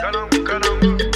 Caramba, caramba.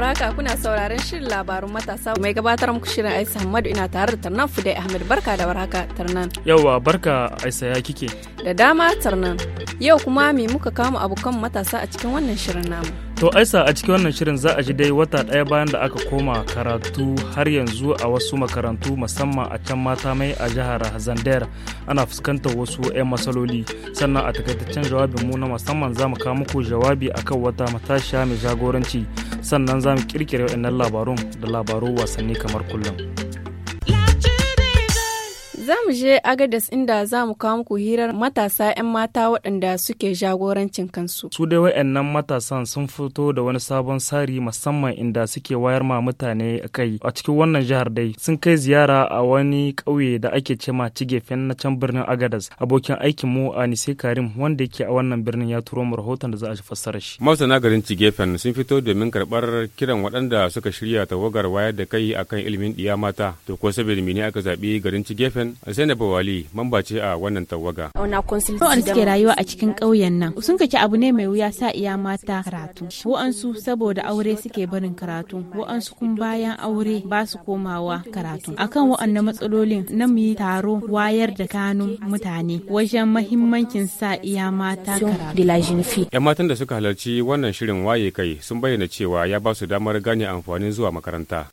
haka kuna sauraren shirin labarun matasa mai gabatar muku shirin Aisha Hamadu ina tare da Tarnan Fudai Ahmed barka da warhaka Tarnan. Yauwa barka Aisha ya kike. Da dama Tarnan. Yau kuma me muka kama abokan matasa a cikin wannan shirin namu. To Aisa a cikin wannan shirin za a ji dai wata daya bayan da aka koma karatu har yanzu a wasu makarantu musamman a can mata mai a jihar Zandayar ana fuskantar wasu 'yan matsaloli sannan a takaitaccen jawabin mu na musamman za mu kawo muku jawabi akan wata matashiya mai jagoranci sannan za mu kirkira waɗannan labarun da labarun wasanni kamar kullum. Za mu je agadas inda za mu kawo muku hirar matasa 'yan mata waɗanda suke jagorancin kansu. Su dai waɗannan matasan sun fito da wani sabon tsari musamman inda suke wayar ma mutane kai. A cikin wannan jihar dai sun kai ziyara a wani ƙauye da ake cema Cigefen na can birnin agadas. Abokin aikin mu nise Karim wanda yake a wannan birnin ya turo mu rahoton da za a fassara shi. Masana garin Cigefen sun fito domin karɓar kiran waɗanda suka shirya tawagar wayar da kai akan ilimin ɗiya mata. To ko saboda mene aka zaɓi garin Cigefen Zainab Wali mamba ce a wannan tawaga. Wa'an suke rayuwa a cikin ƙauyen nan sun kake abu ne mai wuya sa iya mata karatu. Wa'ansu saboda aure suke barin karatu, wa'ansu kun bayan aure ba su komawa karatu. Akan wa'annan matsalolin na mu yi taro wayar da kanun mutane wajen mahimmancin sa iya mata karatu. Yan matan da suka halarci wannan shirin waye kai sun bayyana cewa ya ba su damar gane amfanin zuwa makaranta.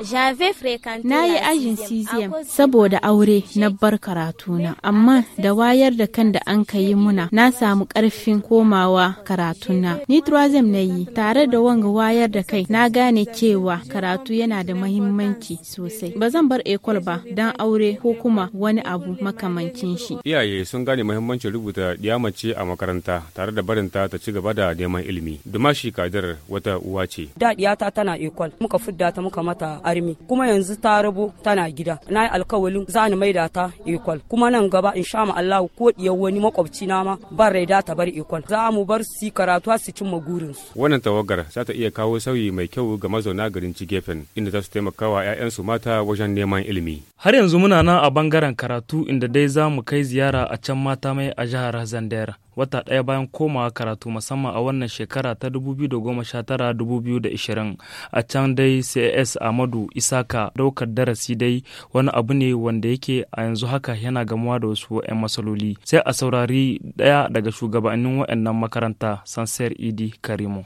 Na yi ajin CZM saboda aure na ba bar karatuna amma da wayar da kan da an yi muna na samu karfin komawa karatuna ni turazem na yi tare da wanga wayar da kai na gane cewa karatu yana da mahimmanci sosai ba zan bar ekol ba don aure ko kuma wani abu makamancin shi iyaye sun gane mahimmancin rubuta diyamace a makaranta tare da barinta ta ci gaba da neman ilimi dumashi kadar wata uwa ce da tana ekol muka fudda ta muka mata armi kuma yanzu ta rabo tana gida na yi alkawalin za ni maida ta ikon kuma nan gaba in sha Allah ko diyar wani makwabci na ma ban raida ta bar ikon za mu bar su karatu su cimma gurin su wannan tawagar za ta iya kawo sauyi mai kyau ga mazauna garin Cigefen inda za su taimaka wa 'ya'yansu mata wajen neman ilimi har yanzu muna nan a bangaren karatu inda dai za mu kai ziyara a can mata mai a jihar Zandera wata ɗaya bayan komawa karatu musamman a wannan shekara ta 2019-2020 a can dai S amadu isaka daukar darasi dai wani abu ne wanda yake a yanzu haka yana gamuwa da wasu 'yan matsaloli sai a saurari ɗaya daga shugabannin wa'annan makaranta sansar idi Karimu.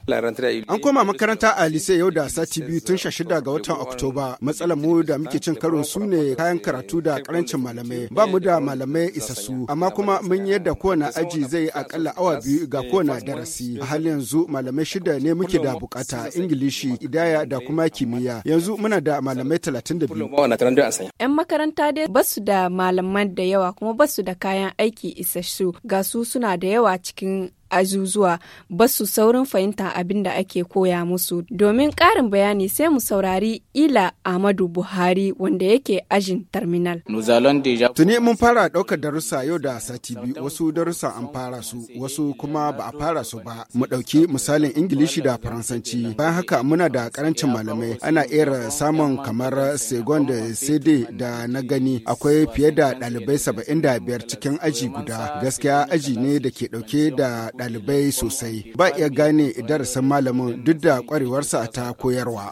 an koma makaranta a lise yau da sati biyu tun shida ga watan oktoba matsalar mu da muke cin karo su ne kayan karatu da karancin malamai ba mu da malamai isassu amma kuma mun yadda kowane aji zai a akalla awa biyu ga kowane darasi a halin yanzu malamai shida ne muke da bukata ingilishi idaya da kuma kimiyya yanzu muna da malamai talatin da biyu. yan makaranta dai ba su da malaman da yawa kuma ba su da kayan aiki isassu ga su suna da yawa cikin azuzuwa ba su saurin fahimta abin da ake koya musu. Domin ƙarin bayani sai mu saurari Ila Ahmadu Buhari wanda yake ajin terminal. Tuni mun fara ɗaukar darussa yau da sati biyu wasu darussa an fara su wasu kuma ba a fara su ba. Mu ɗauki misalin Ingilishi da Faransanci. Bayan haka muna da ƙarancin malamai ana era samun kamar Segon da Sede da na gani akwai fiye da ɗalibai saba'in da biyar cikin aji guda. Gaskiya aji ne da ke ɗauke da ɗalibai sosai ba iya gane darasin malamin duk da ƙwarewarsa ta koyarwa.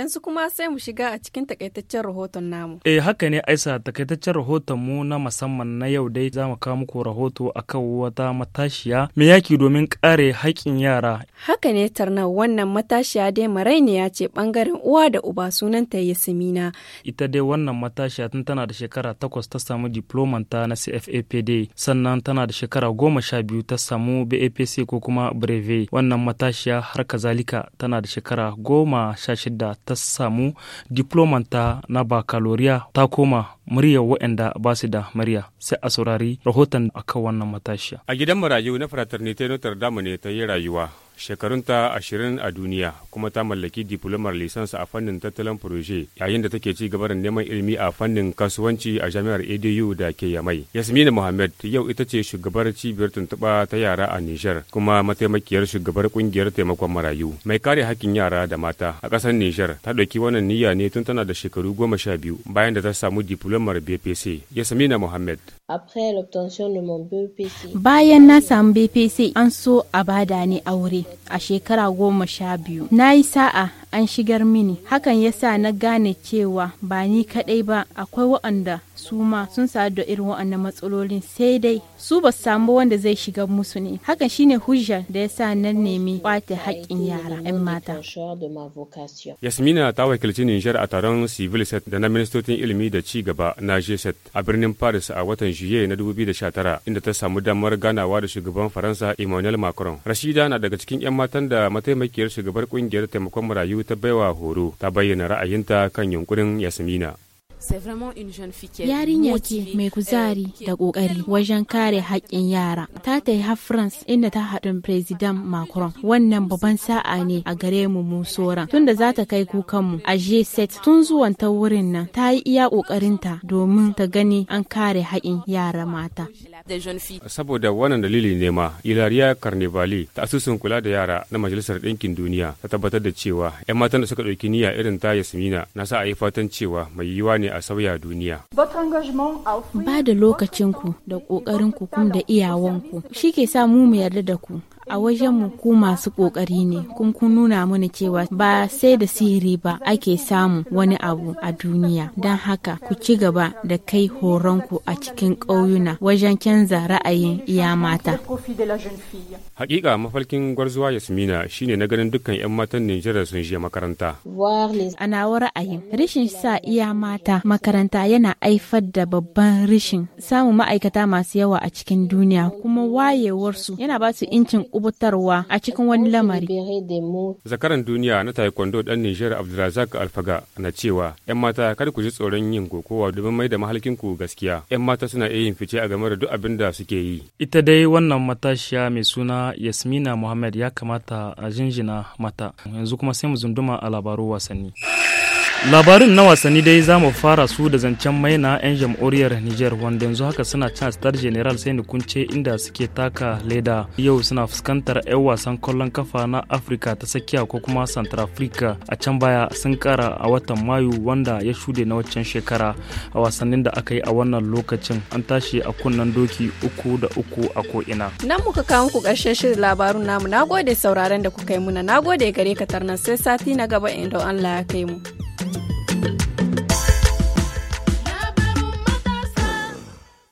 Yanzu kuma sai mu shiga a cikin takaitaccen rahoton namu. Eh haka ne Aisa takaitaccen rahoton mu na musamman na yau dai za mu kawo muku rahoto akan wata matashiya mai yaki domin kare haƙƙin yara. Haka ne tarna wannan matashiya dai marainiya ce bangaren uwa da uba sunanta yasmina Ita dai wannan matashiya tun tana da shekara takwas ta samu diplomanta na CFAPD sannan tana da shekara goma sha biyu ta samu BAPC ko kuma Breve. Wannan matashiya har kazalika tana da shekara goma sha shida ta samu diplomanta na bakaloriya ta koma muryar waɗanda ba su da murya sai a saurari rahoton akan wannan matashiya. A gidan marayu na yi notar damu ne ta yi rayuwa. shekarun ta ashirin a duniya kuma ta mallaki diplomar lisansa a fannin tattalin proje yayin da take ci gaba da neman ilimi a fannin kasuwanci a jami'ar edu da ke yamai yasmina mohammed yau ita ce shugabar cibiyar tuntuɓa ta yara a nijar kuma mataimakiyar shugabar kungiyar taimakon marayu mai kare hakkin yara da mata a ƙasar nijar ta ɗauki wannan niyya ne tun tana da shekaru goma sha biyu bayan da ta samu diplomar bpc yasmina muhammad bayan na samu bpc an so a bada ni aure a shekara goma sha biyu. Na yi sa'a an shigar mini hakan yasa na gane cewa ba ni kadai ba akwai waɗanda su ma sun sadu da irin waɗannan matsalolin sai dai su ba samu wanda zai shiga musu ne hakan shine hujja da ya sa na nemi kwace haƙƙin yara 'yan mata yasmina ta wakilci nijar a taron civil set da na ministocin ilimi da ci gaba na gset a birnin paris a watan juye na 2019 inda ta samu damar ganawa da shugaban faransa emmanuel macron rashida na daga cikin 'yan matan da mataimakiyar shugabar kungiyar taimakon marayu ta baiwa horo ta bayyana ra'ayinta kan yunkurin yasmina Yarinya ke mai euh, kuzari da ƙoƙari wajen kare haƙƙin yara. Ta ta yi France inda ta haɗin President Macron. Wannan babban sa'a ne a gare mu mu Tun Tunda za ta kai kukanmu a G7 tun zuwan ta wurin nan ta yi iya ƙoƙarinta domin ta gani an kare haƙƙin yara mata. Saboda wannan dalili ne ma, Ilariya Carnevali ta asusun kula da yara na Majalisar Ɗinkin Duniya ta tabbatar da cewa 'yan matan da suka ɗauki niyya irin ta Yasmina na sa a yi fatan cewa mai yiwa ne a sauya duniya. Ba da lokacinku da ƙoƙarinku kum da iyawanku shi ke sa mu mu yarda da ku a wajen mu ku masu kokari ne kun kun nuna mana cewa ba sai da sihiri ba ake samu wani abu a duniya don haka ku ci gaba da kai horonku a cikin ƙauyuna wajen canza ra'ayin iya mata. Hakika mafalkin gwarzuwa Yasmina shine na ganin dukkan 'yan matan nigeria sun je makaranta. A nawa ra'ayin rishin sa iya mata makaranta yana haifar da babban rishin samun ma'aikata masu yawa a cikin duniya kuma wayewarsu yana ba su incin kubutarwa a cikin wani lamari. Zakaran duniya na taekwondo dan Nijar Abdulrazak Alfaga na cewa ‘yan mata kar ku ji tsoron yin kokowa domin mai da mahalkinku gaskiya. ‘Yan mata suna iya yin fice a game da duk abin da suke yi. Ita dai wannan matashiya mai suna Yasmina Muhammad ya kamata a jinjina mata. Yanzu kuma sai mu zunduma a labaru wasanni. labarin na wasanni dai za mu fara su da zancen maina 'yan jam'uriyar niger wanda yanzu haka suna can star general sai ni kunce inda suke taka leda yau suna fuskantar 'yan wasan kwallon kafa na afirka ta tsakiya ko kuma central africa a can baya sun kara a watan mayu wanda ya shude na waccan shekara a wasannin da aka yi a wannan lokacin an tashi a kunnan doki uku da uku a ko'ina nan muka kawo muku karshen shirin labarun namu gode sauraren da kuka yi muna nagode gare ka tarnan sai sati na gaba inda allah ya kai mu